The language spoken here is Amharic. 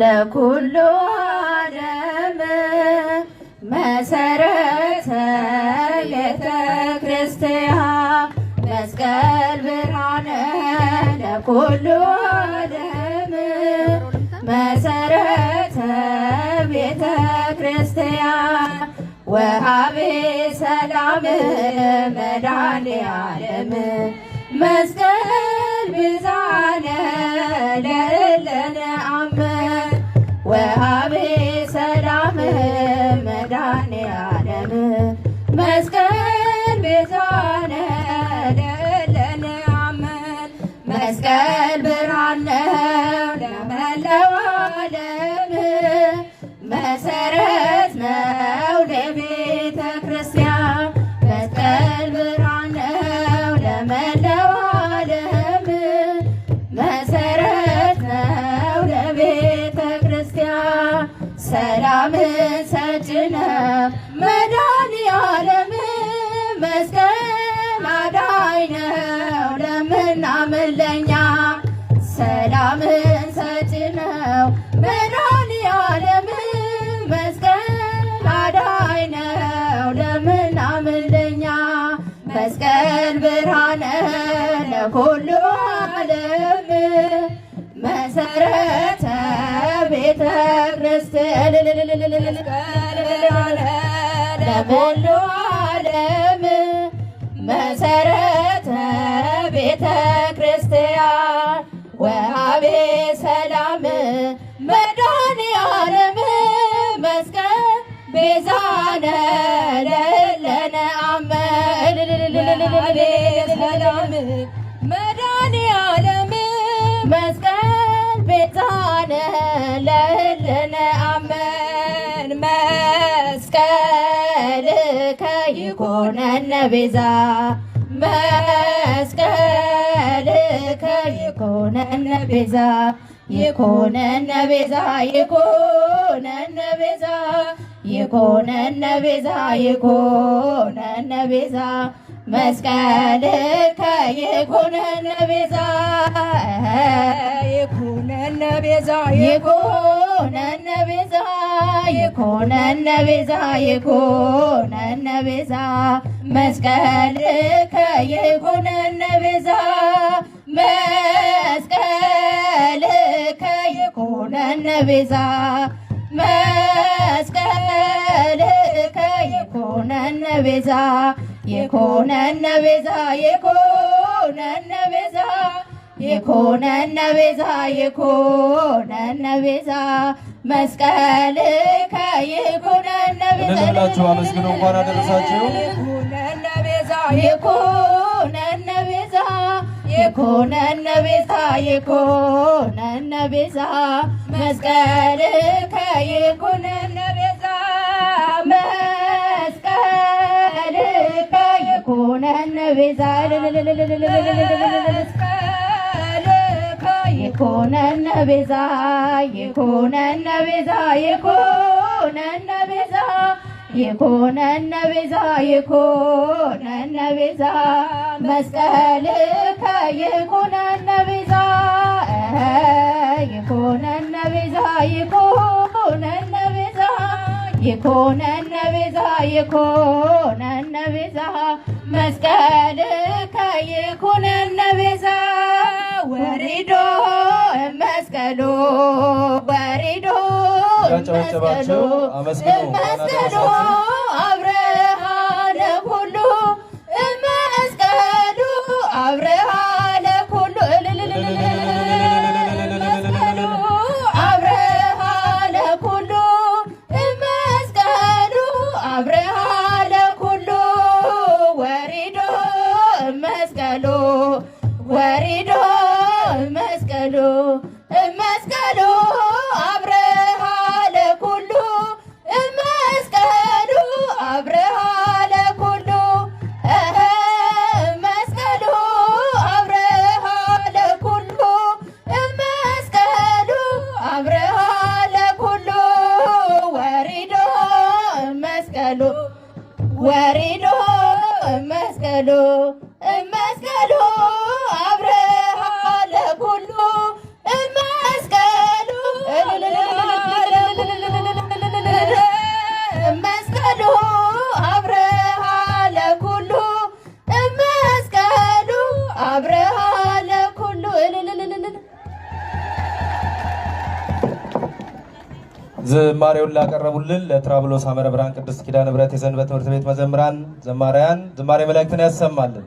ለኩሉ ዓለም መሰረተ ቤተ ክርስቲያን መስቀል ብርሃነ ለኩሉ ዓለም መሰረተ ቤተ ክርስቲያን ወሃቤ ሰላም መድኃኔዓለም መስቀል ብዛነ ለእለነ አመ ወአቤ ሰላም መድኃኔ ዓለም መስቀል ቤዛነ ሰላምን ሰጭነ መድኃኒዓለም መስቀል አዳኝነው ለምናምን ለኛ ሰላምን ሰጭነው መድኃኒዓለም መስቀል አዳኝነው ለምናምን ለኛ መስቀል ብርሃነ ለሁሉ መስቀል ለሞሉ ዓለም መሰረተ ቤተ ክርስቲያን ወአቤ ሰላም መድኃኔ ዓለም መስቀል ቤዛነ ለለነ አመ ሰላም መድኃኔ ዓለም ቤዛነ ለእልነ አመን መስቀልከ ይኮነነ ቤዛ መስቀልከ ይኮነነ ቤዛ ይኮነነ ቤዛ ይኮነነ ቤዛ ይኩነነ ቤዛ ይኩነነ ቤዛ መስቀልከ ይኩነነ ቤዛ ይኩነነ ቤዛ ይኩነነ ቤዛ ይኩነነ ቤዛ ይኩነነ ቤዛ መስቀልከ ይኩነነ ቤዛ መስቀልከ ይኩነነ ቤዛ መስቀልከ ይኮነነ ቤዛ ይኮነነ ቤዛ ይኮነነ ቤዛ ይኮነነ ቤዛ ይኮነነ ቤዛ መስቀልከ ይኮነነ ቤዛ ይኮነነ ቤዛ ይኮ ነነ ቤዛ ይኮ ነነ ቤዛ መስቀልከ ይኮ ነነ ቤዛ መስቀልከ ይኮ ነነ ቤዛ መስቀልከ ይኮ ይኮነነ ቤዛ ይኮነነ ቤዛ መስቀልከ ይኮነነ ቤዛ ይኮነነ ቤዛ ይኮነነ ቤዛ ይኮነነ ቤዛ ይኮነነ ቤዛ መስቀልከ ይኮነነ ቤዛ ወሪዶ መስቀሎ እያጨበጨባቸው አመስግኑ አብርሃነ አብርሃነ ኩሉ አብርሃነ ኩሉ እመስቀሉ ወሪዶ መስቀሉ። ዝማሬውን ላቀረቡልን ለትራብሎስ አመረ ብርሃን ቅድስት ኪዳነ ምሕረት የሰንበት ትምህርት ቤት መዘምራን ዘማሪያን ዝማሬ መላእክትን ያሰማልን።